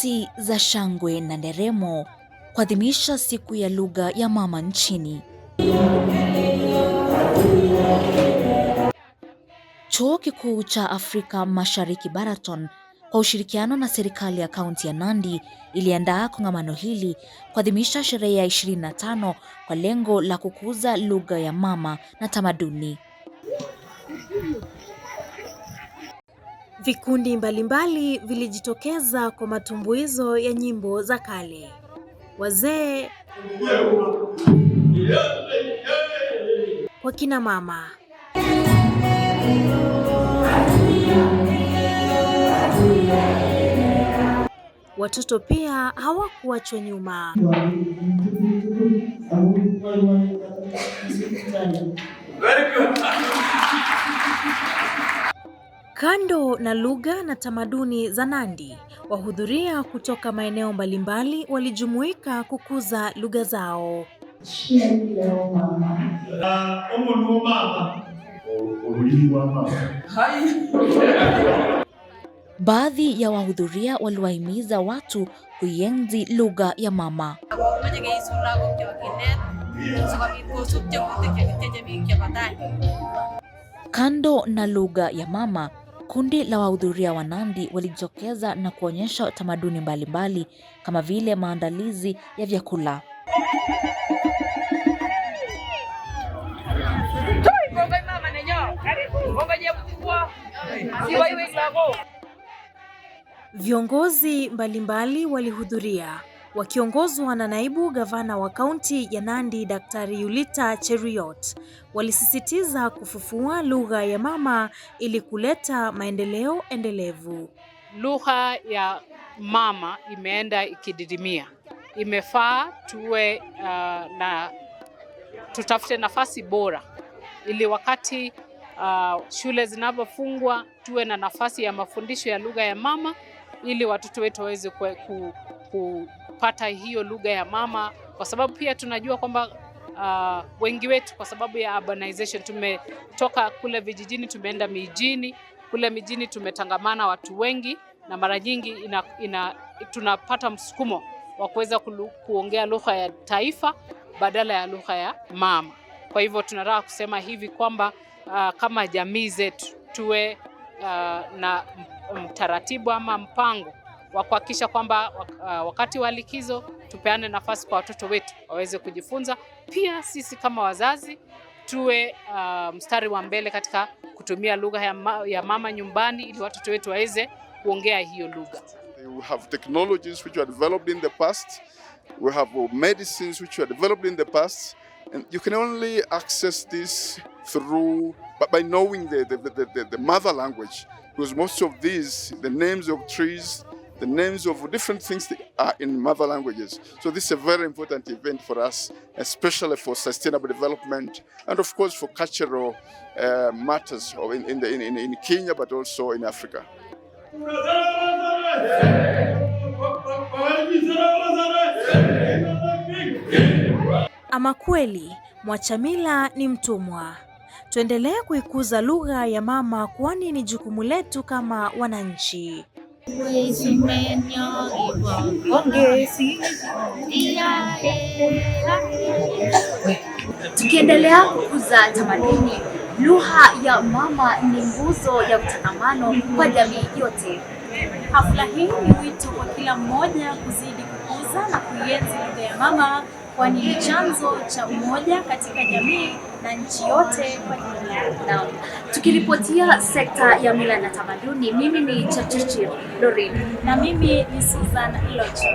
sauti za shangwe na nderemo kuadhimisha siku ya lugha ya mama nchini. Chuo Kikuu cha Afrika Mashariki Baraton kwa ushirikiano na serikali ya kaunti ya Nandi iliandaa kongamano hili kuadhimisha sherehe ya 25 kwa lengo la kukuza lugha ya mama na tamaduni. Vikundi mbalimbali vilijitokeza kwa matumbuizo ya nyimbo za kale. Wazee kwa kina mama watoto pia hawakuachwa nyuma. Very good. Kando na lugha na tamaduni za Nandi, wahudhuria kutoka maeneo mbalimbali walijumuika kukuza lugha zao. Baadhi ya wahudhuria waliwahimiza watu kuienzi lugha ya mama. Kando na lugha ya mama, Kundi la wahudhuria wa Nandi walijitokeza na kuonyesha tamaduni mbalimbali kama vile maandalizi ya vyakula. Viongozi mbalimbali walihudhuria wakiongozwa na naibu gavana wa kaunti ya Nandi Daktari Yulita Cheriot walisisitiza kufufua lugha ya mama ili kuleta maendeleo endelevu. Lugha ya mama imeenda ikididimia, imefaa tuwe uh, na tutafute nafasi bora ili wakati uh, shule zinapofungwa tuwe na nafasi ya mafundisho ya lugha ya mama ili watoto wetu waweze ku, ku kupata hiyo lugha ya mama, kwa sababu pia tunajua kwamba uh, wengi wetu kwa sababu ya urbanization tumetoka kule vijijini tumeenda mijini. Kule mijini tumetangamana watu wengi, na mara nyingi ina, ina, tunapata msukumo wa kuweza kuongea lugha ya taifa badala ya lugha ya mama. Kwa hivyo tunataka kusema hivi kwamba uh, kama jamii zetu tuwe uh, na mtaratibu ama mpango wa kuhakikisha kwamba uh, wakati wa likizo tupeane nafasi kwa watoto wetu waweze kujifunza. Pia sisi kama wazazi tuwe uh, mstari wa mbele katika kutumia lugha ya, ma ya mama nyumbani ili watoto wetu waweze kuongea hiyo lugha. We have technologies which were developed in the past. We have medicines which were developed in the past. And you can only access this through by knowing the, the, the, the mother language because most of these the names of trees the names of different things that are in mother languages. So this is a very important event for us, especially for sustainable development and of course for cultural uh, matters in, in, the, in, in Kenya but also in Africa. Ama kweli Mwachamila ni mtumwa. Tuendelee kuikuza lugha ya mama kwani ni jukumu letu kama wananchi. Tukiendelea kukuza tamaduni, lugha ya mama ni nguzo ya utangamano kwa jamii yote. Hafla hii ni wito kwa kila mmoja kuzidi kukuza na kuienzi lugha ya mama kwani ni chanzo cha umoja katika jamii na nchi yote kwa ajili Tukiripotia sekta ya mila na tamaduni, mimi ni chachichi Lorin na mimi ni Susan Locho.